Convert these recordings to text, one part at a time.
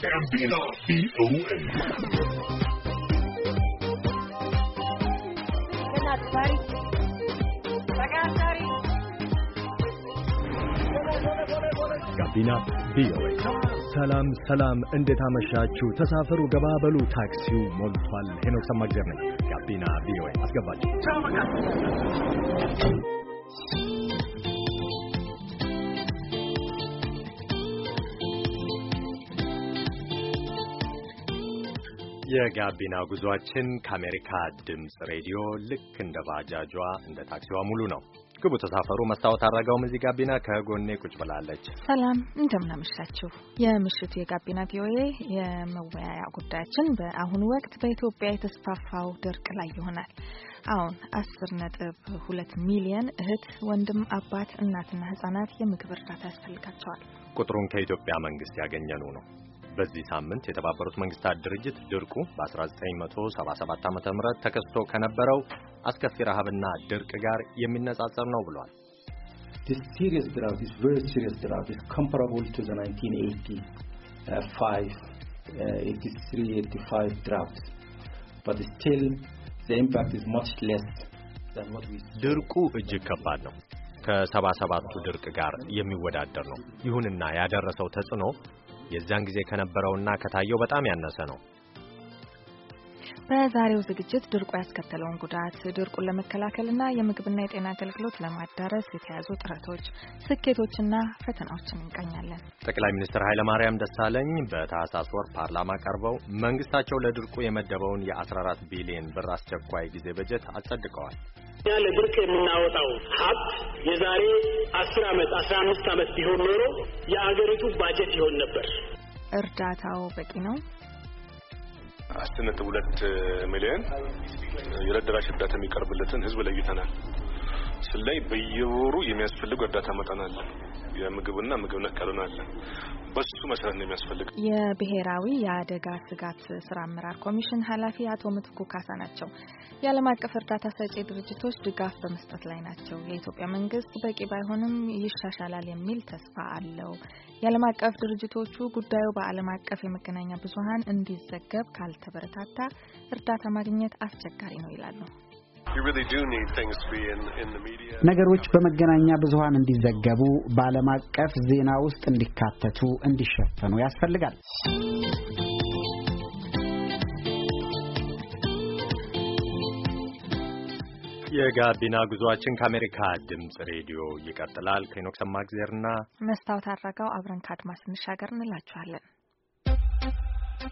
ጋቢና ቪኦኤ ጋቢና ቪኦኤ። ሰላም ሰላም፣ እንዴት አመሻችሁ? ተሳፈሩ፣ በሉ ታክሲው ሞልቷል። ሄኖክ ሰማእግዜር ነኝ። ጋቢና ቪኦኤ አስገባችሁ። የጋቢና ጉዟችን ከአሜሪካ ድምፅ ሬዲዮ ልክ እንደ ባጃጇ እንደ ታክሲዋ ሙሉ ነው። ግቡ ተሳፈሩ። መስታወት አድረገውም እዚህ ጋቢና ከጎኔ ቁጭ ብላለች። ሰላም እንደምናመሻችሁ። የምሽቱ የጋቢና ቪኦኤ የመወያያ ጉዳያችን በአሁኑ ወቅት በኢትዮጵያ የተስፋፋው ድርቅ ላይ ይሆናል። አሁን አስር ነጥብ ሁለት ሚሊየን እህት ወንድም፣ አባት፣ እናትና ህጻናት የምግብ እርዳታ ያስፈልጋቸዋል። ቁጥሩን ከኢትዮጵያ መንግስት ያገኘነው ነው። በዚህ ሳምንት የተባበሩት መንግስታት ድርጅት ድርቁ በ1977 ዓ.ም ም ተከስቶ ከነበረው አስከፊ ረሃብና ድርቅ ጋር የሚነጻጸር ነው ብሏል። ድርቁ እጅግ ከባድ ነው። ከሰባሰባቱ ድርቅ ጋር የሚወዳደር ነው። ይሁንና ያደረሰው ተጽዕኖ የዚያን ጊዜ ከነበረውና ከታየው በጣም ያነሰ ነው። በዛሬው ዝግጅት ድርቁ ያስከተለውን ጉዳት፣ ድርቁን ለመከላከልና የምግብና የጤና አገልግሎት ለማዳረስ የተያዙ ጥረቶች፣ ስኬቶችና ፈተናዎችን እንቃኛለን። ጠቅላይ ሚኒስትር ኃይለማርያም ደሳለኝ በታህሳስ ወር ፓርላማ ቀርበው መንግስታቸው ለድርቁ የመደበውን የ14 ቢሊዮን ብር አስቸኳይ ጊዜ በጀት አጸድቀዋል። እኛ ለድርቅ የምናወጣው ሀብት የዛሬ አስር አመት አስራ አምስት አመት ቢሆን ኖሮ የአገሪቱ ባጀት ይሆን ነበር። እርዳታው በቂ ነው? አስር ነጥብ ሁለት ሚሊዮን የለደራሽ ደራሽ እርዳታ የሚቀርብለትን ህዝብ ለይተናል። እሱ ላይ በየወሩ የሚያስፈልጉ እርዳታ መጠን አለ። የምግብና ምግብ ነክ ያልሆነ አለ። በሱ መሰረት ነው የሚያስፈልግ። የብሔራዊ የአደጋ ስጋት ስራ አመራር ኮሚሽን ኃላፊ አቶ ምትኩ ካሳ ናቸው። የዓለም አቀፍ እርዳታ ሰጪ ድርጅቶች ድጋፍ በመስጠት ላይ ናቸው። የኢትዮጵያ መንግስት በቂ ባይሆንም ይሻሻላል የሚል ተስፋ አለው። የዓለም አቀፍ ድርጅቶቹ ጉዳዩ በዓለም አቀፍ የመገናኛ ብዙኃን እንዲዘገብ ካልተበረታታ እርዳታ ማግኘት አስቸጋሪ ነው ይላሉ። ነገሮች በመገናኛ ብዙሃን እንዲዘገቡ በዓለም አቀፍ ዜና ውስጥ እንዲካተቱ፣ እንዲሸፈኑ ያስፈልጋል። የጋቢና ጉዞአችን ከአሜሪካ ድምጽ ሬዲዮ ይቀጥላል። ከኖክ ሰማግዜርና መስታወት አድረገው አብረን ከአድማስ እንሻገር እንላችኋለን።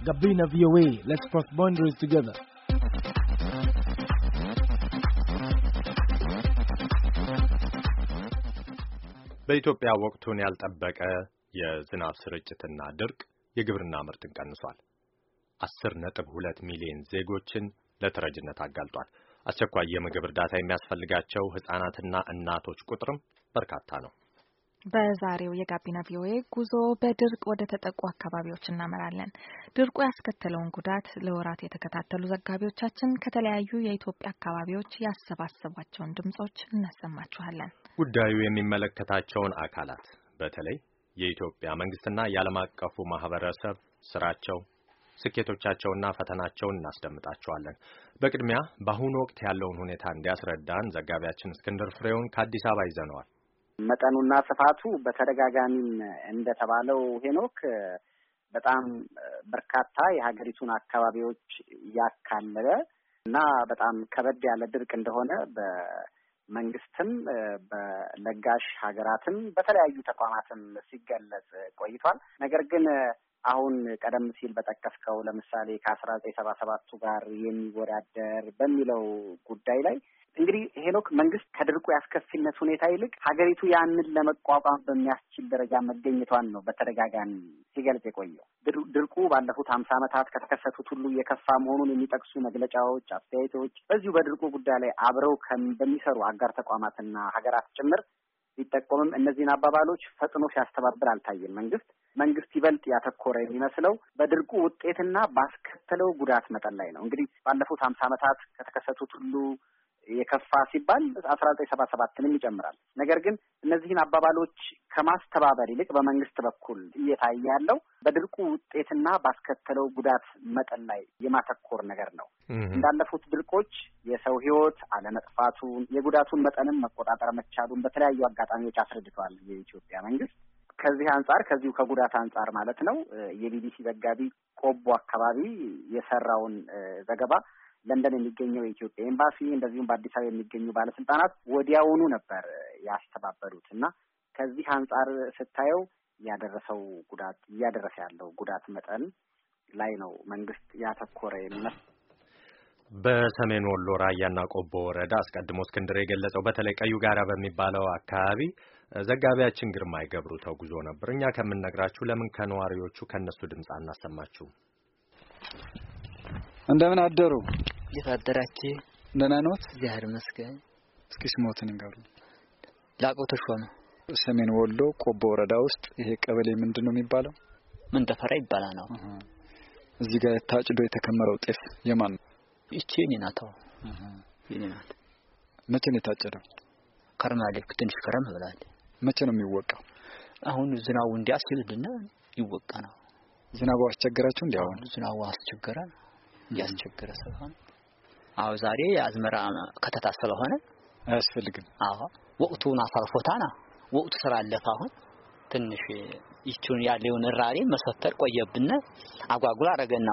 ጋቢና ቪኦኤ ሌትስ ክሮስ ቦንደሪስ ቱጌዘር በኢትዮጵያ ወቅቱን ያልጠበቀ የዝናብ ስርጭትና ድርቅ የግብርና ምርትን ቀንሷል። አስር ነጥብ ሁለት ሚሊዮን ዜጎችን ለተረጅነት አጋልጧል። አስቸኳይ የምግብ እርዳታ የሚያስፈልጋቸው ህጻናትና እናቶች ቁጥርም በርካታ ነው። በዛሬው የጋቢና ቪኦኤ ጉዞ በድርቅ ወደ ተጠቁ አካባቢዎች እናመራለን። ድርቁ ያስከተለውን ጉዳት ለወራት የተከታተሉ ዘጋቢዎቻችን ከተለያዩ የኢትዮጵያ አካባቢዎች ያሰባሰቧቸውን ድምጾች እናሰማችኋለን። ጉዳዩ የሚመለከታቸውን አካላት በተለይ የኢትዮጵያ መንግስትና የዓለም አቀፉ ማህበረሰብ ስራቸው፣ ስኬቶቻቸውና ፈተናቸውን እናስደምጣቸዋለን። በቅድሚያ በአሁኑ ወቅት ያለውን ሁኔታ እንዲያስረዳን ዘጋቢያችን እስክንድር ፍሬውን ከአዲስ አበባ ይዘነዋል። መጠኑና ስፋቱ በተደጋጋሚም እንደተባለው ሄኖክ በጣም በርካታ የሀገሪቱን አካባቢዎች ያካለለ እና በጣም ከበድ ያለ ድርቅ እንደሆነ መንግስትም በለጋሽ ሀገራትም በተለያዩ ተቋማትም ሲገለጽ ቆይቷል። ነገር ግን አሁን ቀደም ሲል በጠቀስከው ለምሳሌ ከአስራ ዘጠኝ ሰባ ሰባቱ ጋር የሚወዳደር በሚለው ጉዳይ ላይ እንግዲህ ሄኖክ መንግስት ከድርቁ የአስከፊነት ሁኔታ ይልቅ ሀገሪቱ ያንን ለመቋቋም በሚያስችል ደረጃ መገኘቷን ነው በተደጋጋሚ ሲገልጽ የቆየው። ድርቁ ባለፉት ሀምሳ ዓመታት ከተከሰቱት ሁሉ የከፋ መሆኑን የሚጠቅሱ መግለጫዎች፣ አስተያየቶች በዚሁ በድርቁ ጉዳይ ላይ አብረው በሚሰሩ አጋር ተቋማትና ሀገራት ጭምር ቢጠቆምም እነዚህን አባባሎች ፈጥኖ ሲያስተባብር አልታየም። መንግስት መንግስት ይበልጥ ያተኮረ የሚመስለው በድርቁ ውጤትና ባስከተለው ጉዳት መጠን ላይ ነው። እንግዲህ ባለፉት ሀምሳ ዓመታት ከተከሰቱት ሁሉ የከፋ ሲባል አስራ ዘጠኝ ሰባ ሰባትንም ይጨምራል። ነገር ግን እነዚህን አባባሎች ከማስተባበር ይልቅ በመንግስት በኩል እየታየ ያለው በድርቁ ውጤትና ባስከተለው ጉዳት መጠን ላይ የማተኮር ነገር ነው። እንዳለፉት ድርቆች የሰው ህይወት አለመጥፋቱን የጉዳቱን መጠንም መቆጣጠር መቻሉን በተለያዩ አጋጣሚዎች አስረድተዋል የኢትዮጵያ መንግስት። ከዚህ አንጻር ከዚሁ ከጉዳት አንጻር ማለት ነው የቢቢሲ ዘጋቢ ቆቦ አካባቢ የሰራውን ዘገባ ለንደን የሚገኘው የኢትዮጵያ ኤምባሲ እንደዚሁም በአዲስ አበባ የሚገኙ ባለስልጣናት ወዲያውኑ ነበር ያስተባበሉት እና ከዚህ አንጻር ስታየው ያደረሰው ጉዳት እያደረሰ ያለው ጉዳት መጠን ላይ ነው መንግስት ያተኮረ የሚመስል በሰሜን ወሎ ራያና ቆቦ ወረዳ አስቀድሞ እስክንድር የገለጸው በተለይ ቀዩ ጋራ በሚባለው አካባቢ ዘጋቢያችን ግርማ ይገብሩ ተጉዞ ነበር። እኛ ከምንነግራችሁ ለምን ከነዋሪዎቹ ከነሱ ድምፅ አናሰማችሁም? እንደምን አደሩ? እንዴት አደራችሁ? ደህና ነዎት? እግዚአብሔር ይመስገን። እስኪ ስሞትን ንገሩ። ላቀው ተሾመ፣ ሰሜን ወሎ ቆቦ ወረዳ ውስጥ ይሄ ቀበሌ ምንድን ነው የሚባለው? ተፈራ ይባላል። ነው እዚህ ጋር ታጭዶ የተከመረው ጤፍ የማን ነው? ይቺ የኔ ናት። የኔ ናት። መቼ ነው የታጨደው? ከርማሌ ልክ ትንሽ ከረም ብላል። መቼ ነው የሚወቃው? አሁን ዝናቡ እንዲያስልድና ይወቃ ነው። ዝናቡ አስቸገራችሁ? እንዲያው ዝናቡ አስቸገረ፣ ያስቸገረ ሰው አዎ ዛሬ የአዝመራ ከተታ ስለሆነ አያስፈልግም። አዎ ወቅቱን አሳልፎታና ወቅቱ ስራ አለፈ። አሁን ትንሽ ይቹን ያለውን እራሪ መሰተር ቆየብነ አጓጉል አረገና።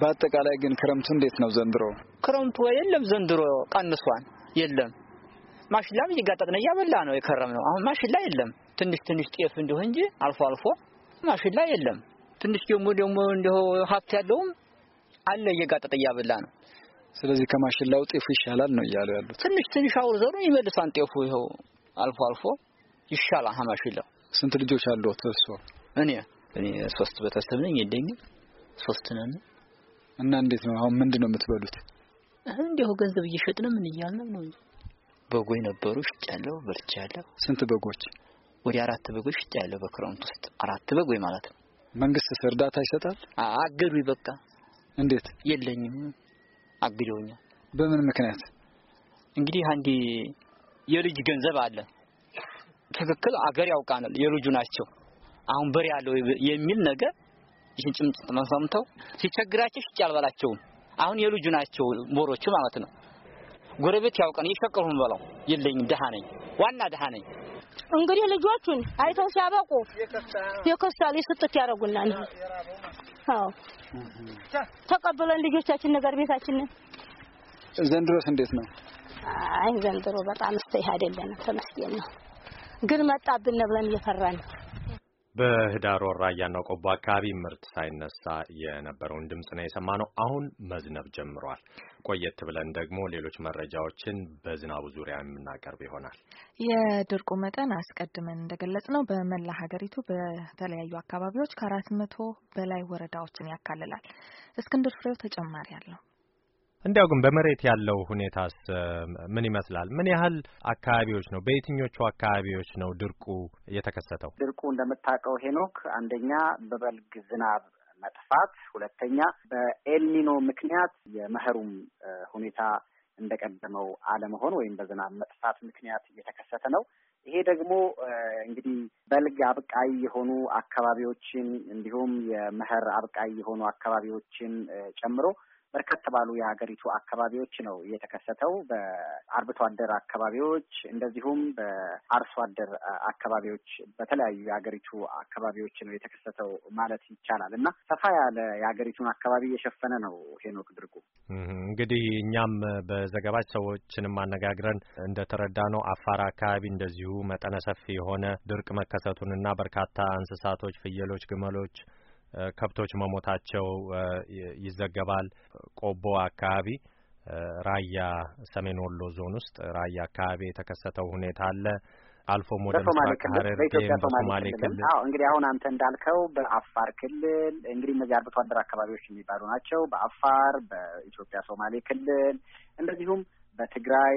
በአጠቃላይ ግን ክረምቱ እንዴት ነው ዘንድሮ? ክረምቱ የለም ዘንድሮ ቀንሷን የለም። ማሽላም እየጋጠጥነ እያበላ ነው የከረም ነው። አሁን ማሽላ የለም። ትንሽ ትንሽ ጤፍ እንዲሁ እንጂ አልፎ አልፎ ማሽላ የለም። ትንሽ ደግሞ ደግሞ እንዲሁ ሀብት ያለውም አለ እየጋጠጠ እያበላ ነው። ስለዚህ ከማሽላው ጤፉ ይሻላል ነው እያሉ ያሉት። ትንሽ ትንሽ አውር ዘሩ ይመልሳን ጤፉ ይኸው አልፎ አልፎ ይሻላል ከማሽላው። ስንት ልጆች አሉት እሱ? እኔ እኔ ሶስት ቤተሰብ ነኝ የለኝም፣ ሶስት ነን። እና እንዴት ነው አሁን ምንድን ነው የምትበሉት? እንዲሁ ገንዘብ እየሸጥን ምን እያልን ነው። በጎይ ነበሩ ሽጫለሁ፣ በልቻለሁ። ስንት በጎች? ወደ አራት በጎች ሽጫለሁ። በክረምት ውስጥ አራት በጎይ ማለት ነው። መንግስትስ እርዳታ ይሰጣል? አገዱኝ። በቃ እንዴት የለኝም አግደውኛል። በምን ምክንያት? እንግዲህ አንዲ የልጅ ገንዘብ አለ። ትክክል አገር ያውቃናል የልጁ ናቸው። አሁን በሬ አለው የሚል ነገር ይህን ጭምጭ ተመሰምተው ሲቸግራቸው ሽጭ አልበላቸውም። አሁን የልጁ ናቸው ቦሮቹ ማለት ነው። ጎረቤት ያውቀን እየሸቀሩን በላው የለኝም፣ ደሃ ነኝ፣ ዋና ደሃ ነኝ። እንግዲህ ልጆቹን አይተው ሲያበቁ የከሳል የስጥት ያደርጉናል። አዎ ተቀብለን ልጆቻችን ነገር ቤታችንን ዘንድሮስ እንዴት ነው? አይ ዘንድሮ በጣም እስተ ይህ አይደለም ተመስገን ነው። ግን መጣብን ብለን እየፈራን ነው። በህዳር ወር ራያና ቆቦ አካባቢ ምርት ሳይነሳ የነበረውን ድምፅ ነው የሰማነው። አሁን መዝነብ ጀምሯል። ቆየት ብለን ደግሞ ሌሎች መረጃዎችን በዝናቡ ዙሪያ የምናቀርብ ይሆናል። የድርቁ መጠን አስቀድመን እንደገለጽ ነው በመላ ሀገሪቱ በተለያዩ አካባቢዎች ከአራት መቶ በላይ ወረዳዎችን ያካልላል። እስክንድር ፍሬው ተጨማሪ አለው። እንዲያው ግን በመሬት ያለው ሁኔታስ ምን ይመስላል? ምን ያህል አካባቢዎች ነው? በየትኞቹ አካባቢዎች ነው ድርቁ የተከሰተው? ድርቁ እንደምታውቀው ሄኖክ፣ አንደኛ በበልግ ዝናብ መጥፋት፣ ሁለተኛ በኤልኒኖ ምክንያት የመኸሩም ሁኔታ እንደቀደመው አለመሆን ወይም በዝናብ መጥፋት ምክንያት እየተከሰተ ነው። ይሄ ደግሞ እንግዲህ በልግ አብቃይ የሆኑ አካባቢዎችን እንዲሁም የመኸር አብቃይ የሆኑ አካባቢዎችን ጨምሮ በርከት ባሉ የሀገሪቱ አካባቢዎች ነው የተከሰተው። በአርብቶ አደር አካባቢዎች እንደዚሁም በአርሶ አደር አካባቢዎች በተለያዩ የሀገሪቱ አካባቢዎች ነው የተከሰተው ማለት ይቻላል እና ሰፋ ያለ የሀገሪቱን አካባቢ የሸፈነ ነው ሄኖክ ድርጉ። እንግዲህ እኛም በዘገባች ሰዎችንም አነጋግረን እንደተረዳ ነው አፋር አካባቢ እንደዚሁ መጠነ ሰፊ የሆነ ድርቅ መከሰቱንና በርካታ እንስሳቶች፣ ፍየሎች፣ ግመሎች ከብቶች መሞታቸው ይዘገባል። ቆቦ አካባቢ፣ ራያ ሰሜን ወሎ ዞን ውስጥ ራያ አካባቢ የተከሰተው ሁኔታ አለ። አልፎ ወደ በሶማሌ ክልል አዎ እንግዲህ አሁን አንተ እንዳልከው በአፋር ክልል እንግዲህ እነዚህ አርብቶ አደር አካባቢዎች የሚባሉ ናቸው። በአፋር በኢትዮጵያ ሶማሌ ክልል እንደዚሁም በትግራይ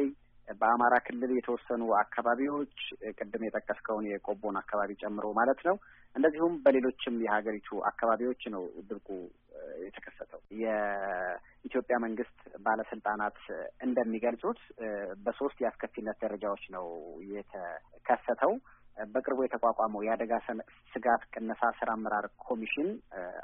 በአማራ ክልል የተወሰኑ አካባቢዎች ቅድም የጠቀስከውን የቆቦን አካባቢ ጨምሮ ማለት ነው። እንደዚሁም በሌሎችም የሀገሪቱ አካባቢዎች ነው ድርቁ የተከሰተው። የኢትዮጵያ መንግስት ባለስልጣናት እንደሚገልጹት በሶስት የአስከፊነት ደረጃዎች ነው የተከሰተው። በቅርቡ የተቋቋመው የአደጋ ስጋት ቅነሳ ስራ አመራር ኮሚሽን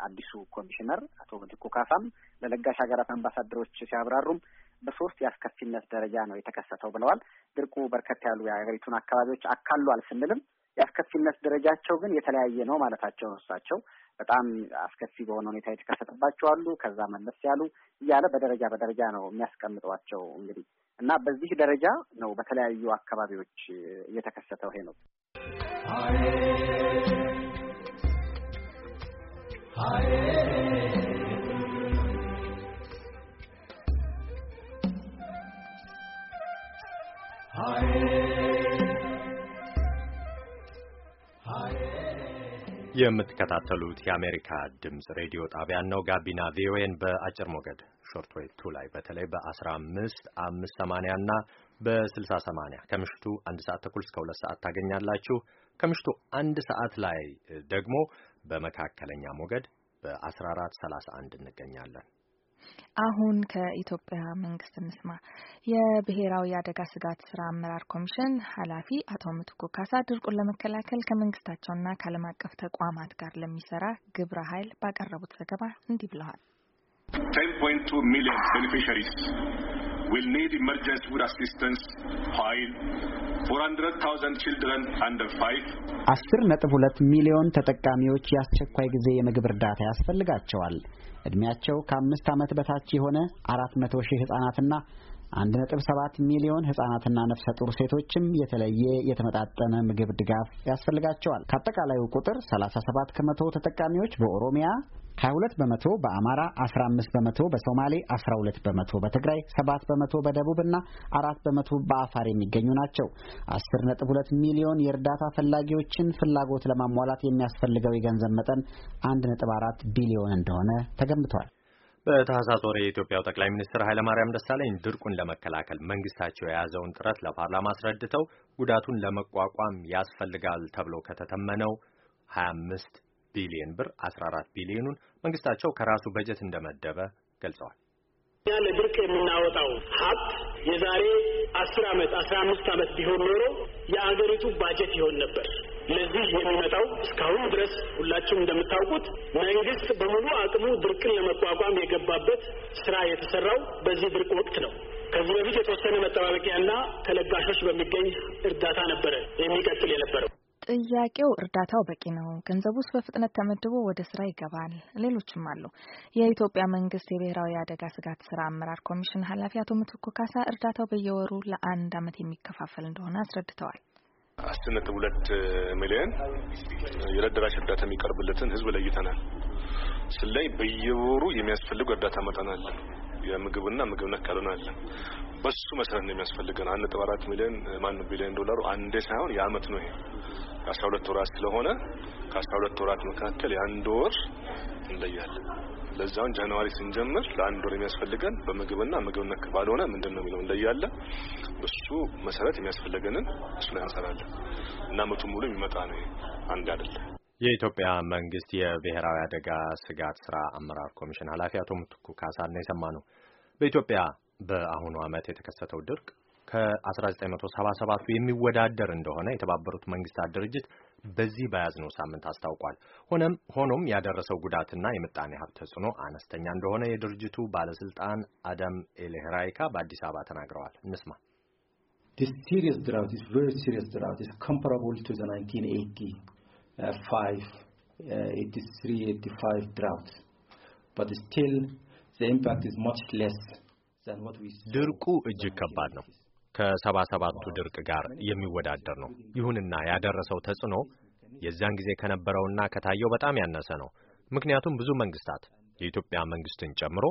አዲሱ ኮሚሽነር አቶ ምትኩ ካሳም ለለጋሽ ሀገራት አምባሳደሮች ሲያብራሩም በሶስት የአስከፊነት ደረጃ ነው የተከሰተው ብለዋል። ድርቁ በርከት ያሉ የሀገሪቱን አካባቢዎች አካሏል ስንልም የአስከፊነት ደረጃቸው ግን የተለያየ ነው ማለታቸው እሳቸው በጣም አስከፊ በሆነ ሁኔታ የተከሰተባቸው አሉ፣ ከዛ መለስ ያሉ እያለ በደረጃ በደረጃ ነው የሚያስቀምጧቸው እንግዲህ እና በዚህ ደረጃ ነው በተለያዩ አካባቢዎች እየተከሰተው ይሄ ነው። Hare የምትከታተሉት የአሜሪካ ድምፅ ሬዲዮ ጣቢያን ነው። ጋቢና ቪኦኤን በአጭር ሞገድ ሾርትዌቭ ቱ ላይ በተለይ በ15580 እና በ6080 ከምሽቱ አንድ ሰዓት ተኩል እስከ ሁለት ሰዓት ታገኛላችሁ። ከምሽቱ አንድ ሰዓት ላይ ደግሞ በመካከለኛ ሞገድ በ1431 እንገኛለን። አሁን ከኢትዮጵያ መንግስት እንስማ። የብሔራዊ የአደጋ ስጋት ስራ አመራር ኮሚሽን ኃላፊ አቶ ምትኩ ካሳ ድርቁን ለመከላከል ከመንግስታቸውና ከዓለም አቀፍ ተቋማት ጋር ለሚሰራ ግብረ ኃይል ባቀረቡት ዘገባ እንዲህ ብለዋል። 10.2 million beneficiaries will need emergency food assistance while 400,000 children under 5 ሁለት ሚሊዮን ተጠቃሚዎች የአስቸኳይ ጊዜ የምግብ እርዳታ ያስፈልጋቸዋል። እድሜያቸው ከአምስት ዓመት በታች የሆነ 400 ሺህ ሕፃናትና 1.7 ሚሊዮን ህጻናትና ነፍሰ ጡር ሴቶችም የተለየ የተመጣጠነ ምግብ ድጋፍ ያስፈልጋቸዋል። ከአጠቃላዩ ቁጥር 37 ከመቶ ተጠቃሚዎች በኦሮሚያ 22 በመቶ በአማራ፣ 15 በመቶ በሶማሌ፣ 12 በመቶ በትግራይ፣ 7 በመቶ በደቡብ እና 4 በመቶ በአፋር የሚገኙ ናቸው። 10.2 ሚሊዮን የእርዳታ ፈላጊዎችን ፍላጎት ለማሟላት የሚያስፈልገው የገንዘብ መጠን 1.4 ቢሊዮን እንደሆነ ተገምቷል። በታህሳስ ወር የኢትዮጵያው ጠቅላይ ሚኒስትር ኃይለማርያም ደሳለኝ ድርቁን ለመከላከል መንግስታቸው የያዘውን ጥረት ለፓርላማ አስረድተው ጉዳቱን ለመቋቋም ያስፈልጋል ተብሎ ከተተመነው 25 ቢሊዮን ብር 14 ቢሊዮኑን መንግስታቸው ከራሱ በጀት እንደመደበ ገልጸዋል። እኛ ለድርቅ የምናወጣው ሀብት የዛሬ አስር አመት አስራ አምስት አመት ቢሆን ኖሮ የአገሪቱ ባጀት ይሆን ነበር። ለዚህ የሚመጣው እስካሁን ድረስ ሁላችሁም እንደምታውቁት መንግስት በሙሉ አቅሙ ድርቅን ለመቋቋም የገባበት ስራ የተሰራው በዚህ ድርቅ ወቅት ነው። ከዚህ በፊት የተወሰነ መጠባበቂያና ከለጋሾች በሚገኝ እርዳታ ነበረ የሚቀጥል የነበረው። ጥያቄው እርዳታው በቂ ነው፣ ገንዘቡስ በፍጥነት ተመድቦ ወደ ስራ ይገባል። ሌሎችም አሉ። የኢትዮጵያ መንግስት የብሔራዊ አደጋ ስጋት ስራ አመራር ኮሚሽን ኃላፊ አቶ ምትኩ ካሳ እርዳታው በየወሩ ለአንድ ዓመት የሚከፋፈል እንደሆነ አስረድተዋል። አስር ነጥብ ሁለት ሚሊዮን የዕለት ደራሽ እርዳታ የሚቀርብለትን ህዝብ ለይተናል። ስለይ በየወሩ የሚያስፈልጉ እርዳታ መጠን አለ። የምግብና ምግብ ነክ ያልሆነ አለ። በሱ መሰረት ነው የሚያስፈልገን። አንድ ነጥብ አራት ሚሊዮን ማን ቢሊዮን ዶላሩ አንዴ ሳይሆን የአመት ነው። ይሄ ከአስራ ሁለት ወራት ስለሆነ ከአስራ ሁለት ወራት መካከል የአንድ ወር እንለያለን። ለዛውን ጃንዋሪ ስንጀምር ለአንድ ወር የሚያስፈልገን በምግብና ምግብ ነክ ባልሆነ ምንድን ነው የሚለው እንለያለን። በሱ መሰረት የሚያስፈልገንን እሱ ላይ እንሰራለን እና መቱን ሙሉ የሚመጣ ነው አንድ አይደለም። የኢትዮጵያ መንግስት የብሔራዊ አደጋ ስጋት ስራ አመራር ኮሚሽን ኃላፊ አቶ ምትኩ ካሳን ነው በኢትዮጵያ በአሁኑ ዓመት የተከሰተው ድርቅ ከ 1977 የሚወዳደር እንደሆነ የተባበሩት መንግስታት ድርጅት በዚህ በያዝነው ሳምንት አስታውቋል። ሆነም ሆኖም ያደረሰው ጉዳትና የምጣኔ ሀብት ተጽዕኖ አነስተኛ እንደሆነ የድርጅቱ ባለስልጣን አደም ኤልሄራይካ በአዲስ አበባ ተናግረዋል። እንስማ። ድራውት ድርቁ እጅግ ከባድ ነው። ከሰባ ሰባቱ ድርቅ ጋር የሚወዳደር ነው። ይሁንና ያደረሰው ተጽዕኖ የዚያን ጊዜ ከነበረውና ከታየው በጣም ያነሰ ነው። ምክንያቱም ብዙ መንግስታት የኢትዮጵያ መንግስትን ጨምሮ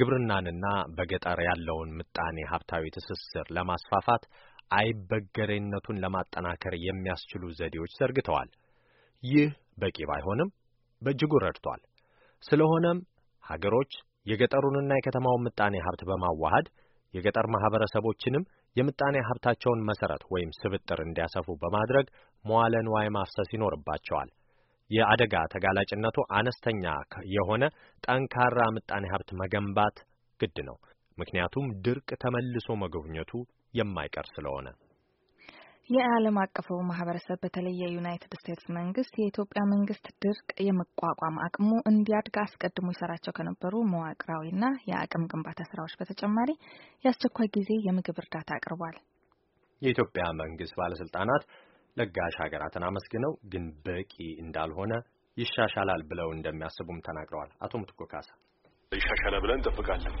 ግብርናንና በገጠር ያለውን ምጣኔ ሀብታዊ ትስስር ለማስፋፋት አይበገሬነቱን ለማጠናከር የሚያስችሉ ዘዴዎች ዘርግተዋል። ይህ በቂ ባይሆንም በእጅጉ ረድቷል። ስለሆነም ሀገሮች የገጠሩንና የከተማውን ምጣኔ ሀብት በማዋሃድ የገጠር ማህበረሰቦችንም የምጣኔ ሀብታቸውን መሰረት ወይም ስብጥር እንዲያሰፉ በማድረግ መዋለ ንዋይ ማፍሰስ ይኖርባቸዋል። የአደጋ ተጋላጭነቱ አነስተኛ የሆነ ጠንካራ ምጣኔ ሀብት መገንባት ግድ ነው። ምክንያቱም ድርቅ ተመልሶ መጎብኘቱ የማይቀር ስለሆነ የዓለም አቀፉ ማህበረሰብ በተለይ የዩናይትድ ስቴትስ መንግስት የኢትዮጵያ መንግስት ድርቅ የመቋቋም አቅሙ እንዲያድግ አስቀድሞ ይሰራቸው ከነበሩ መዋቅራዊና የአቅም ግንባታ ስራዎች በተጨማሪ የአስቸኳይ ጊዜ የምግብ እርዳታ አቅርቧል። የኢትዮጵያ መንግስት ባለስልጣናት ለጋሽ ሀገራትን አመስግነው ግን በቂ እንዳልሆነ ይሻሻላል ብለው እንደሚያስቡም ተናግረዋል። አቶ ምትኮ ካሳ ይሻሻላል ብለን እንጠብቃለን።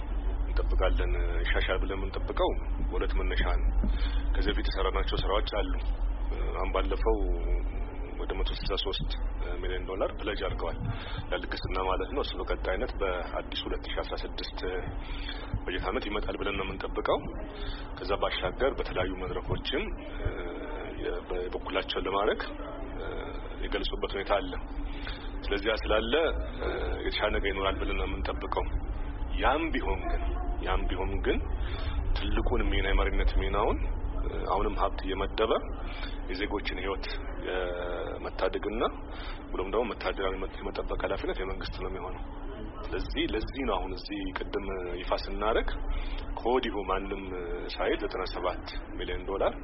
እንጠብቃለን ሻሻል ብለን የምንጠብቀው ሁለት መነሻ ነው። ከዚህ በፊት የሰራናቸው ስራዎች አሉ። አሁን ባለፈው ወደ 163 ሚሊዮን ዶላር ፕለጅ አድርገዋል ለልግስና ማለት ነው። እሱ በቀጣይነት በአዲስ 2016 በጀት ዓመት ይመጣል ብለን ነው የምንጠብቀው። ከዛ ባሻገር በተለያዩ መድረኮችም በበኩላቸውን ለማድረግ የገለጹበት ሁኔታ አለ። ስለዚህ ስላለ የተሻለ ነገር ይኖራል ብለን ነው የምንጠብቀው። ያም ቢሆን ግን ያም ቢሆን ግን ትልቁን ሚና የመሪነት ሚናውን አሁንም ሀብት እየመደበ የዜጎችን ህይወት የመታደግና ብሎም ደግሞ መታደራዊ የመጠበቅ ኃላፊነት የመንግስት ነው የሚሆነው። ስለዚህ ለዚህ ነው አሁን እዚህ ቅድም ይፋ ስናደርግ ከወዲሁ ማንም ሳይል ዘጠና ሰባት ሚሊዮን ዶላር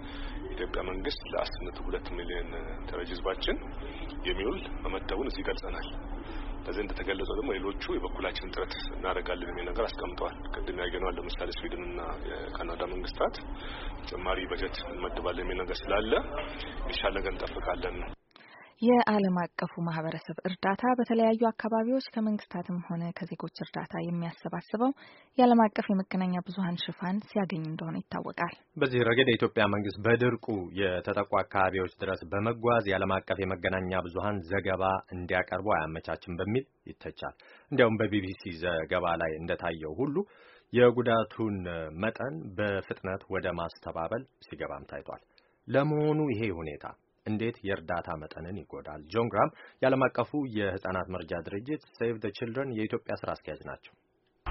የኢትዮጵያ መንግስት ለአስር ነጥብ ሁለት ሚሊዮን ተረጂ ህዝባችን የሚውል መመደቡን እዚህ ገልጸናል። በዚህ እንደተገለጸው ደግሞ ሌሎቹ የበኩላችን ጥረት እናደርጋለን የሚል ነገር አስቀምጠዋል። ቅድም ያየነዋል። ለምሳሌ ስዊድን እና የካናዳ መንግስታት ተጨማሪ በጀት እንመድባለን የሚል ነገር ስላለ ይሻል ነገር እንጠብቃለን ነው። የዓለም አቀፉ ማህበረሰብ እርዳታ በተለያዩ አካባቢዎች ከመንግስታትም ሆነ ከዜጎች እርዳታ የሚያሰባስበው የዓለም አቀፍ የመገናኛ ብዙሀን ሽፋን ሲያገኝ እንደሆነ ይታወቃል። በዚህ ረገድ የኢትዮጵያ መንግስት በድርቁ የተጠቁ አካባቢዎች ድረስ በመጓዝ የዓለም አቀፍ የመገናኛ ብዙሀን ዘገባ እንዲያቀርቡ አያመቻችም በሚል ይተቻል። እንዲያውም በቢቢሲ ዘገባ ላይ እንደታየው ሁሉ የጉዳቱን መጠን በፍጥነት ወደ ማስተባበል ሲገባም ታይቷል። ለመሆኑ ይሄ ሁኔታ እንዴት የእርዳታ መጠንን ይጎዳል? ጆን ግራም የዓለም አቀፉ የህጻናት መርጃ ድርጅት ሴቭ ዘ ችልድረን የኢትዮጵያ ስራ አስኪያጅ ናቸው።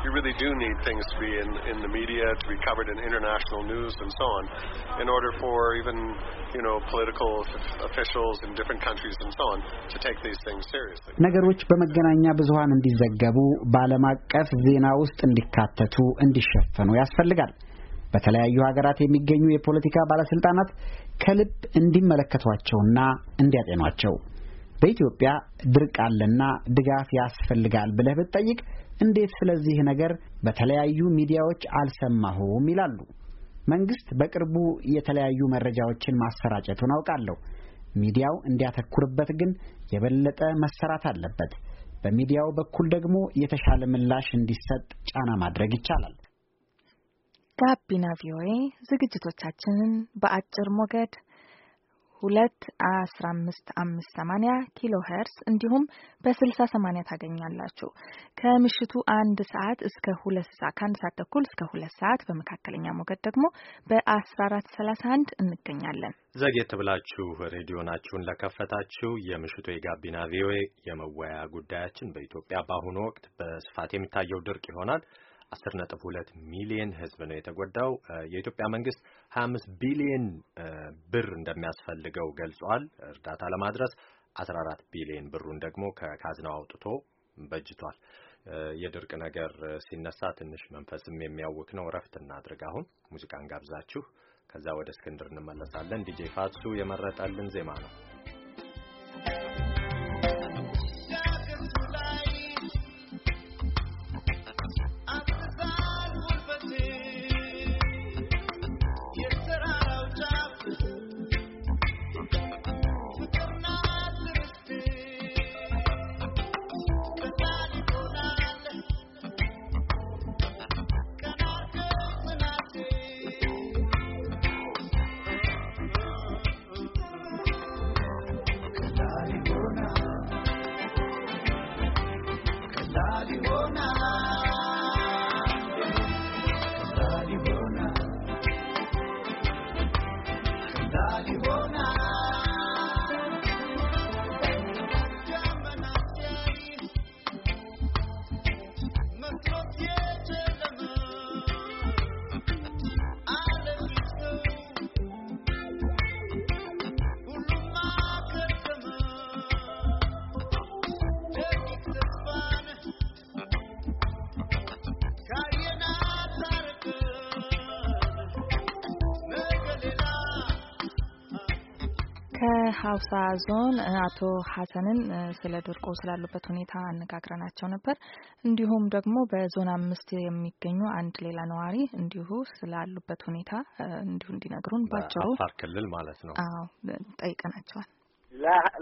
You really do need things to be in, in the media, to be covered in international news and so on, in order for even, you know, political officials in different countries and so on to take these things seriously. ነገሮች በመገናኛ ብዙሃን እንዲዘገቡ በዓለም አቀፍ ዜና ውስጥ እንዲካተቱ እንዲሸፈኑ ያስፈልጋል። በተለያዩ ሀገራት የሚገኙ የፖለቲካ ባለስልጣናት ከልብ እንዲመለከቷቸውና እንዲያጤኗቸው። በኢትዮጵያ ድርቅ አለና ድጋፍ ያስፈልጋል ብለህ ብትጠይቅ እንዴት ስለዚህ ነገር በተለያዩ ሚዲያዎች አልሰማሁም ይላሉ። መንግስት በቅርቡ የተለያዩ መረጃዎችን ማሰራጨቱን አውቃለሁ። ሚዲያው እንዲያተኩርበት ግን የበለጠ መሰራት አለበት። በሚዲያው በኩል ደግሞ የተሻለ ምላሽ እንዲሰጥ ጫና ማድረግ ይቻላል። ጋቢና ቪኦኤ ዝግጅቶቻችንን በአጭር ሞገድ ሁለት አስራ አምስት አምስት ሰማኒያ ኪሎ ሄርስ እንዲሁም በስልሳ ሰማኒያ ታገኛላችሁ። ከምሽቱ አንድ ሰዓት እስከ ሁለት ሰዓት ከአንድ ሰዓት ተኩል እስከ ሁለት ሰዓት በመካከለኛ ሞገድ ደግሞ በአስራ አራት ሰላሳ አንድ እንገኛለን። ዘግየት ብላችሁ ሬዲዮናችሁን ለከፈታችሁ የምሽቱ የጋቢና ቪኦኤ የመወያያ ጉዳያችን በኢትዮጵያ በአሁኑ ወቅት በስፋት የሚታየው ድርቅ ይሆናል። አስር ነጥብ ሁለት ሚሊየን ህዝብ ነው የተጎዳው። የኢትዮጵያ መንግስት ሀያ አምስት ቢሊየን ብር እንደሚያስፈልገው ገልጿል። እርዳታ ለማድረስ አስራ አራት ቢሊየን ብሩን ደግሞ ከካዝናው አውጥቶ በጅቷል። የድርቅ ነገር ሲነሳ ትንሽ መንፈስም የሚያውክ ነው። እረፍት እናድርግ። አሁን ሙዚቃን ጋብዛችሁ ከዛ ወደ እስክንድር እንመለሳለን። ዲጄ ፋሱ የመረጠልን ዜማ ነው። ሀውሳ ዞን አቶ ሀሰንን ስለ ድርቆ ስላሉበት ሁኔታ አነጋግረናቸው ነበር። እንዲሁም ደግሞ በዞን አምስት የሚገኙ አንድ ሌላ ነዋሪ እንዲሁ ስላሉበት ሁኔታ እንዲሁ እንዲነግሩን ባጭሩ አፋር ክልል ማለት ነው። አዎ ጠይቀናቸዋል።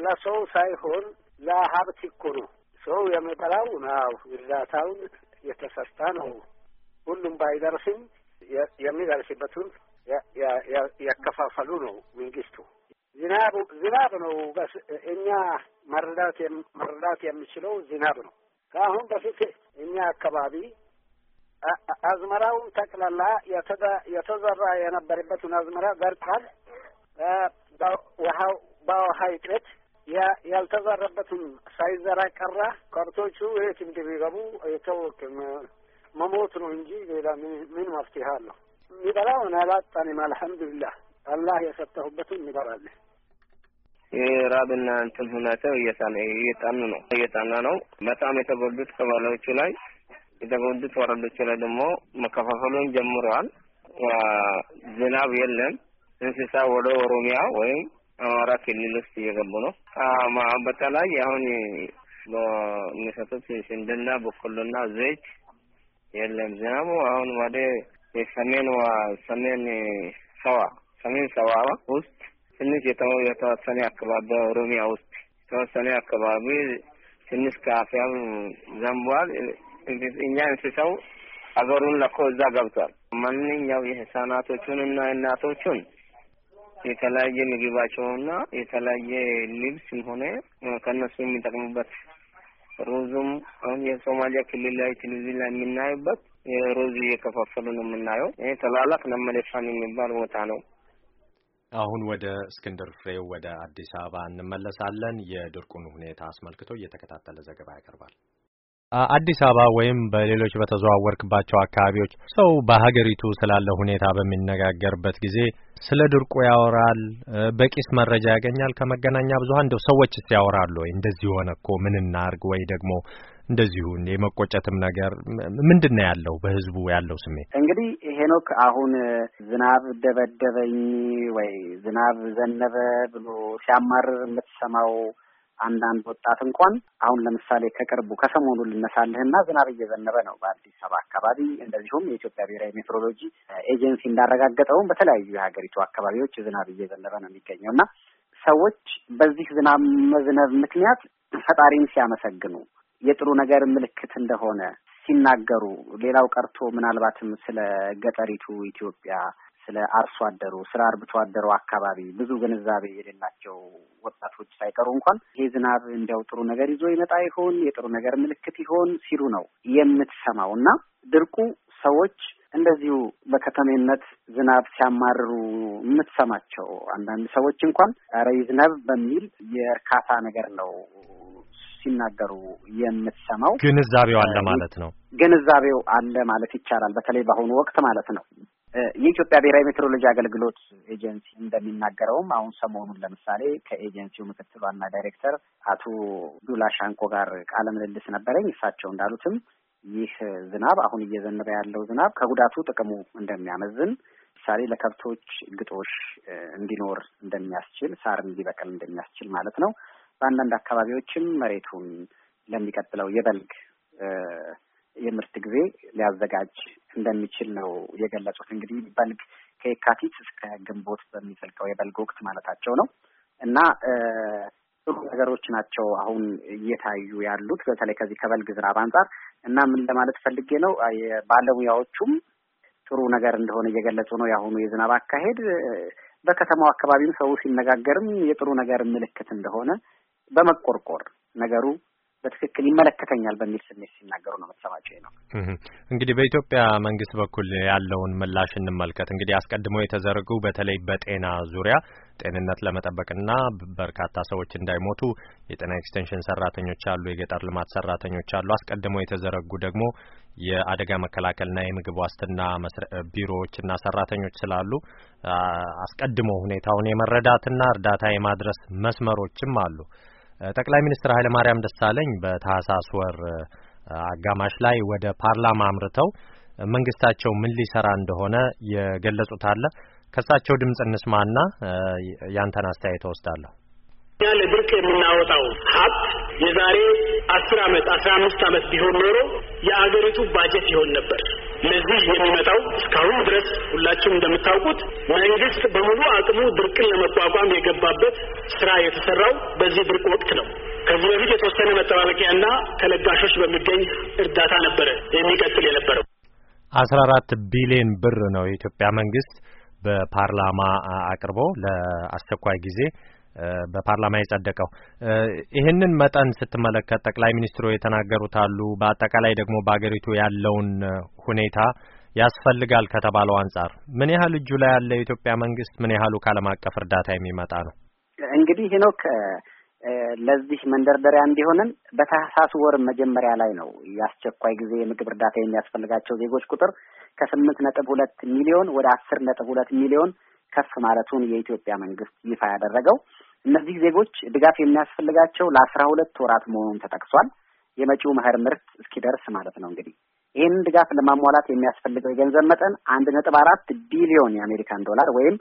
ለሰው ሳይሆን ለሀብት እኮ ነው ሰው የሚበላው ነው። እርዳታውን የተሰጠ ነው። ሁሉም ባይደርስም የሚደርስበትን ያከፋፈሉ ነው መንግስቱ ዝናቡ ዝናብ ነው። እኛ መረዳት መረዳት የምችለው ዝናብ ነው። ከአሁን በፊት እኛ አካባቢ አዝመራውን ጠቅላላ የተዘራ የነበረበትን አዝመራ ዘርቷል። ውሃው በውሃ እጥረት ያልተዘረበትን ሳይዘራ ቀራ። ከብቶቹ የት እንደሚገቡ አይታወቅም። መሞት ነው እንጂ ሌላ ምን መፍትሄ አለው? የሚበላውን አላጣንም። አልሐምዱሊላህ አላህ የሰጠሁበትን ይኖራለህ። የራብና እንትን ሁኔታው እየጣኑ ነው እየጣና ነው። በጣም የተጎዱት ቀበሌዎቹ ላይ የተጎዱት ወረዶቹ ላይ ደግሞ መከፋፈሉን ጀምረዋል። ዝናብ የለም። እንስሳ ወደ ኦሮሚያ ወይም አማራ ክልል ውስጥ እየገቡ ነው። በተለይ አሁን የሚሰጡት ስንዴና በቆሎና ዘይት የለም። ዝናቡ አሁን ወደ ሰሜን ሰሜን ሸዋ ሰሜን ሰባባ ውስጥ ትንሽ የተወሰነ አካባቢ ኦሮሚያ ውስጥ የተወሰነ አካባቢ ትንሽ ካፊያም ዘንቧል። እኛ እንስሳው አገሩን ለኮ እዛ ገብቷል። ማንኛው የህፃናቶቹን እና እናቶቹን የተለያየ ምግባቸውና የተለያየ ልብስም ሆነ ከእነሱ የሚጠቅሙበት ሩዙም አሁን የሶማሊያ ክልል ላይ ቴሌቪዥን ላይ የምናዩበት የሩዝ እየከፋፈሉ ነው የምናየው። ይህ ተላላክ ነመለሻን የሚባል ቦታ ነው። አሁን ወደ እስክንድር ፍሬው ወደ አዲስ አበባ እንመለሳለን። የድርቁን ሁኔታ አስመልክቶ እየተከታተለ ዘገባ ያቀርባል። አዲስ አበባ ወይም በሌሎች በተዘዋወርክባቸው አካባቢዎች ሰው በሀገሪቱ ስላለ ሁኔታ በሚነጋገርበት ጊዜ ስለ ድርቁ ያወራል? በቂስ መረጃ ያገኛል ከመገናኛ ብዙኃን? እንደው ሰዎችስ ያወራሉ ወይ? እንደዚህ ሆነ እኮ ምን እናርግ፣ ወይ ደግሞ እንደዚሁ የመቆጨትም ነገር ምንድን ነው ያለው? በህዝቡ ያለው ስሜት እንግዲህ ሄኖክ አሁን ዝናብ ደበደበኝ ወይ ዝናብ ዘነበ ብሎ ሲያማርር የምትሰማው አንዳንድ ወጣት እንኳን አሁን ለምሳሌ ከቅርቡ ከሰሞኑ ልነሳልህና ዝናብ እየዘነበ ነው በአዲስ አበባ አካባቢ። እንደዚሁም የኢትዮጵያ ብሔራዊ ሜትሮሎጂ ኤጀንሲ እንዳረጋገጠውም በተለያዩ የሀገሪቱ አካባቢዎች ዝናብ እየዘነበ ነው የሚገኘው እና ሰዎች በዚህ ዝናብ መዝነብ ምክንያት ፈጣሪን ሲያመሰግኑ የጥሩ ነገር ምልክት እንደሆነ ሲናገሩ፣ ሌላው ቀርቶ ምናልባትም ስለ ገጠሪቱ ኢትዮጵያ ስለ አርሶ አደሩ ስለ አርብቶ አደሩ አካባቢ ብዙ ግንዛቤ የሌላቸው ወጣቶች ሳይቀሩ እንኳን ይሄ ዝናብ እንዲያው ጥሩ ነገር ይዞ ይመጣ ይሆን የጥሩ ነገር ምልክት ይሆን ሲሉ ነው የምትሰማው እና ድርቁ ሰዎች እንደዚሁ በከተሜነት ዝናብ ሲያማርሩ የምትሰማቸው አንዳንድ ሰዎች እንኳን ኧረ ይዝነብ በሚል የእርካታ ነገር ነው ሲናገሩ የምትሰማው። ግንዛቤው አለ ማለት ነው። ግንዛቤው አለ ማለት ይቻላል። በተለይ በአሁኑ ወቅት ማለት ነው። የኢትዮጵያ ብሔራዊ ሜትሮሎጂ አገልግሎት ኤጀንሲ እንደሚናገረውም አሁን ሰሞኑን ለምሳሌ ከኤጀንሲው ምክትል ዋና ዳይሬክተር አቶ ዱላ ሻንኮ ጋር ቃለ ምልልስ ነበረኝ። እሳቸው እንዳሉትም ይህ ዝናብ አሁን እየዘነበ ያለው ዝናብ ከጉዳቱ ጥቅሙ እንደሚያመዝን ምሳሌ ለከብቶች ግጦሽ እንዲኖር እንደሚያስችል፣ ሳር እንዲበቅል እንደሚያስችል ማለት ነው። በአንዳንድ አካባቢዎችም መሬቱን ለሚቀጥለው የበልግ የምርት ጊዜ ሊያዘጋጅ እንደሚችል ነው የገለጹት። እንግዲህ በልግ ከየካቲት እስከ ግንቦት በሚዘልቀው የበልግ ወቅት ማለታቸው ነው እና ጥሩ ነገሮች ናቸው አሁን እየታዩ ያሉት በተለይ ከዚህ ከበልግ ዝናብ አንጻር እና ምን ለማለት ፈልጌ ነው ባለሙያዎቹም ጥሩ ነገር እንደሆነ እየገለጹ ነው። የአሁኑ የዝናብ አካሄድ በከተማው አካባቢም ሰው ሲነጋገርም የጥሩ ነገር ምልክት እንደሆነ በመቆርቆር ነገሩ በትክክል ይመለከተኛል በሚል ስሜት ሲናገሩ ነው መሰማቸው ነው። እንግዲህ በኢትዮጵያ መንግስት በኩል ያለውን ምላሽ እንመልከት። እንግዲህ አስቀድሞ የተዘረጉ በተለይ በጤና ዙሪያ ጤንነት ለመጠበቅና በርካታ ሰዎች እንዳይሞቱ የጤና ኤክስቴንሽን ሰራተኞች አሉ፣ የገጠር ልማት ሰራተኞች አሉ። አስቀድሞ የተዘረጉ ደግሞ የአደጋ መከላከልና የምግብ ዋስትና ቢሮዎችና ሰራተኞች ስላሉ አስቀድሞ ሁኔታውን የመረዳትና እርዳታ የማድረስ መስመሮችም አሉ። ጠቅላይ ሚኒስትር ኃይለማርያም ደሳለኝ በታህሳስ ወር አጋማሽ ላይ ወደ ፓርላማ አምርተው መንግስታቸው ምን ሊሰራ እንደሆነ የገለጹት አለ። ከእሳቸው ድምጽ እንስማና ያንተን አስተያየት ወስዳለሁ። እኛ ለድርቅ የምናወጣው ሀብት የዛሬ አስር አመት አስራ አምስት አመት ቢሆን ኖሮ የአገሪቱ ባጀት ይሆን ነበር። ለዚህ የሚመጣው እስካሁን ድረስ ሁላችሁም እንደምታውቁት መንግስት በሙሉ አቅሙ ድርቅን ለመቋቋም የገባበት ስራ የተሰራው በዚህ ድርቅ ወቅት ነው። ከዚህ በፊት የተወሰነ መጠባበቂያና ከለጋሾች በሚገኝ እርዳታ ነበረ የሚቀጥል የነበረው። አስራ አራት ቢሊዮን ብር ነው የኢትዮጵያ መንግስት በፓርላማ አቅርቦ ለአስቸኳይ ጊዜ በፓርላማ የጸደቀው ይህንን መጠን ስትመለከት ጠቅላይ ሚኒስትሩ የተናገሩት አሉ። በአጠቃላይ ደግሞ በአገሪቱ ያለውን ሁኔታ ያስፈልጋል ከተባለው አንጻር ምን ያህል እጁ ላይ ያለ የኢትዮጵያ መንግስት፣ ምን ያህሉ ከዓለም አቀፍ እርዳታ የሚመጣ ነው? እንግዲህ ሄኖክ ለዚህ መንደርደሪያ እንዲሆንን በታህሳስ ወር መጀመሪያ ላይ ነው የአስቸኳይ ጊዜ የምግብ እርዳታ የሚያስፈልጋቸው ዜጎች ቁጥር ከስምንት ነጥብ ሁለት ሚሊዮን ወደ አስር ነጥብ ሁለት ሚሊዮን ከፍ ማለቱን የኢትዮጵያ መንግስት ይፋ ያደረገው እነዚህ ዜጎች ድጋፍ የሚያስፈልጋቸው ለአስራ ሁለት ወራት መሆኑን ተጠቅሷል። የመጪው መኸር ምርት እስኪደርስ ማለት ነው። እንግዲህ ይህንን ድጋፍ ለማሟላት የሚያስፈልገው የገንዘብ መጠን አንድ ነጥብ አራት ቢሊዮን የአሜሪካን ዶላር ወይም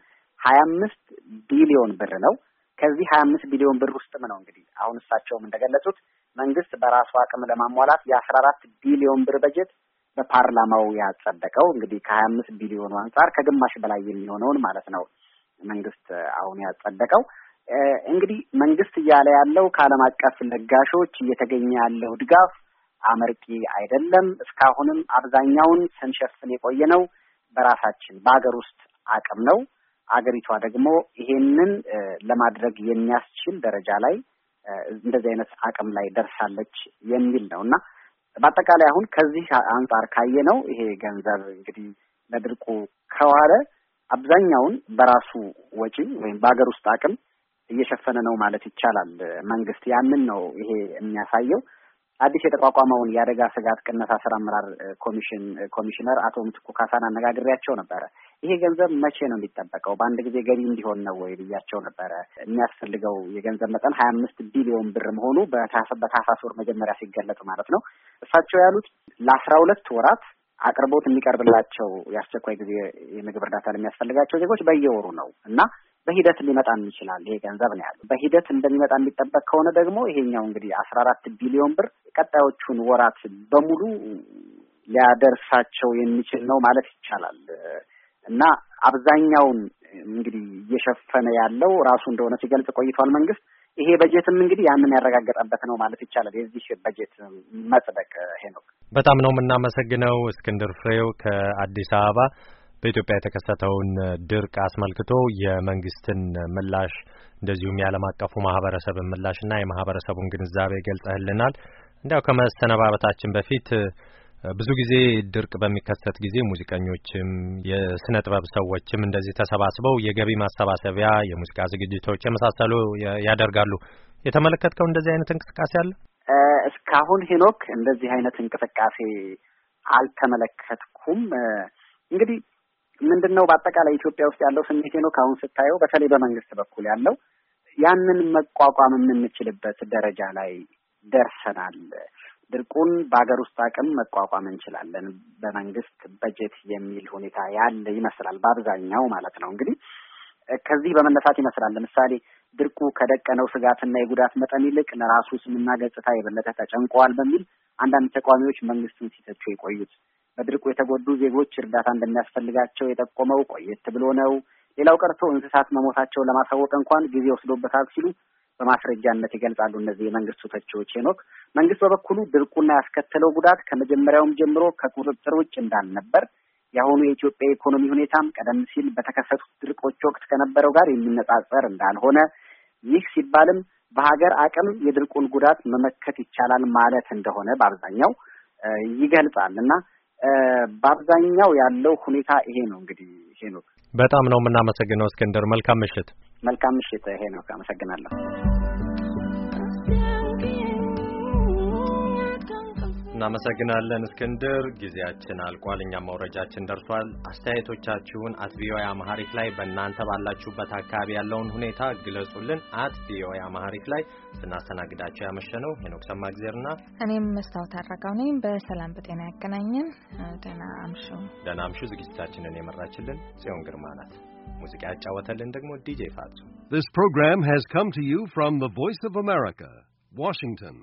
ሀያ አምስት ቢሊዮን ብር ነው። ከዚህ ሀያ አምስት ቢሊዮን ብር ውስጥም ነው እንግዲህ አሁን እሳቸውም እንደገለጹት መንግስት በራሱ አቅም ለማሟላት የአስራ አራት ቢሊዮን ብር በጀት በፓርላማው ያጸደቀው እንግዲህ ከሀያ አምስት ቢሊዮኑ አንጻር ከግማሽ በላይ የሚሆነውን ማለት ነው መንግስት አሁን ያጸደቀው። እንግዲህ መንግስት እያለ ያለው ከዓለም አቀፍ ለጋሾች እየተገኘ ያለው ድጋፍ አመርቂ አይደለም፣ እስካሁንም አብዛኛውን ስንሸፍን የቆየ ነው በራሳችን በሀገር ውስጥ አቅም ነው። አገሪቷ ደግሞ ይሄንን ለማድረግ የሚያስችል ደረጃ ላይ እንደዚህ አይነት አቅም ላይ ደርሳለች የሚል ነው እና በአጠቃላይ አሁን ከዚህ አንጻር ካየ ነው ይሄ ገንዘብ እንግዲህ ለድርቁ ከዋለ አብዛኛውን በራሱ ወጪ ወይም በሀገር ውስጥ አቅም እየሸፈነ ነው ማለት ይቻላል መንግስት። ያንን ነው ይሄ የሚያሳየው። አዲስ የተቋቋመውን የአደጋ ስጋት ቅነሳ ስራ አመራር ኮሚሽን ኮሚሽነር አቶ ምትኩ ካሳን አነጋግሬያቸው ነበረ። ይሄ ገንዘብ መቼ ነው የሚጠበቀው? በአንድ ጊዜ ገቢ እንዲሆን ነው ወይ ብያቸው ነበረ። የሚያስፈልገው የገንዘብ መጠን ሀያ አምስት ቢሊዮን ብር መሆኑ በታህሳስ ወር መጀመሪያ ሲገለጥ ማለት ነው። እሳቸው ያሉት ለአስራ ሁለት ወራት አቅርቦት የሚቀርብላቸው የአስቸኳይ ጊዜ የምግብ እርዳታ ለሚያስፈልጋቸው ዜጎች በየወሩ ነው እና በሂደት ሊመጣም ይችላል ይሄ ገንዘብ ነው ያሉ። በሂደት እንደሚመጣ የሚጠበቅ ከሆነ ደግሞ ይሄኛው እንግዲህ አስራ አራት ቢሊዮን ብር ቀጣዮቹን ወራት በሙሉ ሊያደርሳቸው የሚችል ነው ማለት ይቻላል። እና አብዛኛውን እንግዲህ እየሸፈነ ያለው ራሱ እንደሆነ ሲገልጽ ቆይቷል መንግስት። ይሄ በጀትም እንግዲህ ያንን ያረጋገጠበት ነው ማለት ይቻላል የዚህ በጀት መጽደቅ። ሄኖክ በጣም ነው የምናመሰግነው። እስክንድር ፍሬው ከአዲስ አበባ በኢትዮጵያ የተከሰተውን ድርቅ አስመልክቶ የመንግስትን ምላሽ እንደዚሁም የዓለም አቀፉ ማህበረሰብን ምላሽና የማህበረሰቡን ግንዛቤ ገልጸህልናል። እንዲያው ከመሰነባበታችን በፊት ብዙ ጊዜ ድርቅ በሚከሰት ጊዜ ሙዚቀኞችም የስነ ጥበብ ሰዎችም እንደዚህ ተሰባስበው የገቢ ማሰባሰቢያ፣ የሙዚቃ ዝግጅቶች የመሳሰሉ ያደርጋሉ። የተመለከትከው እንደዚህ አይነት እንቅስቃሴ አለ? እስካሁን ሄኖክ፣ እንደዚህ አይነት እንቅስቃሴ አልተመለከትኩም። እንግዲህ ምንድን ነው በአጠቃላይ ኢትዮጵያ ውስጥ ያለው ስሜት ሄኖክ፣ አሁን ስታየው በተለይ በመንግስት በኩል ያለው ያንን መቋቋም የምንችልበት ደረጃ ላይ ደርሰናል። ድርቁን በሀገር ውስጥ አቅም መቋቋም እንችላለን፣ በመንግስት በጀት የሚል ሁኔታ ያለ ይመስላል በአብዛኛው ማለት ነው። እንግዲህ ከዚህ በመነሳት ይመስላል ለምሳሌ ድርቁ ከደቀነው ስጋትና የጉዳት መጠን ይልቅ ለራሱ ስምና ገጽታ የበለጠ ተጨንቀዋል በሚል አንዳንድ ተቃዋሚዎች መንግስትን ሲተቹ የቆዩት በድርቁ የተጎዱ ዜጎች እርዳታ እንደሚያስፈልጋቸው የጠቆመው ቆየት ብሎ ነው። ሌላው ቀርቶ እንስሳት መሞታቸውን ለማሳወቅ እንኳን ጊዜ ወስዶበታል ሲሉ በማስረጃነት ይገልጻሉ። እነዚህ የመንግስቱ ተቺዎች ሄኖክ መንግስት በበኩሉ ድርቁና ያስከተለው ጉዳት ከመጀመሪያውም ጀምሮ ከቁጥጥር ውጭ እንዳልነበር የአሁኑ የኢትዮጵያ የኢኮኖሚ ሁኔታም ቀደም ሲል በተከሰቱት ድርቆች ወቅት ከነበረው ጋር የሚነጻጸር እንዳልሆነ ይህ ሲባልም በሀገር አቅም የድርቁን ጉዳት መመከት ይቻላል ማለት እንደሆነ በአብዛኛው ይገልጻል እና በአብዛኛው ያለው ሁኔታ ይሄ ነው። እንግዲህ ነው። በጣም ነው የምናመሰግነው እስክንድር። መልካም ምሽት። መልካም ምሽት ሄኖክ፣ ነው። አመሰግናለሁ እናመሰግናለን እስክንድር። ጊዜያችን አልቋል። እኛም መውረጃችን ደርሷል። አስተያየቶቻችሁን አት ቪኦኤ ላይ በእናንተ ባላችሁበት አካባቢ ያለውን ሁኔታ ግለጹልን። አት ቪኦኤ አማሐሪክ ላይ ስናስተናግዳቸው ያመሸነው ሄኖክ ሰማእግዜርና እኔም መስታወት አረጋው ነኝ። በሰላም በጤና ያገናኘን። ደህና አምሹ። ደህና አምሹ። ዝግጅታችንን የመራችልን ጽዮን ግርማ ናት። ሙዚቃ ያጫወተልን ደግሞ ዲጄ ፋቱ። This program has come to you from the Voice of America, Washington.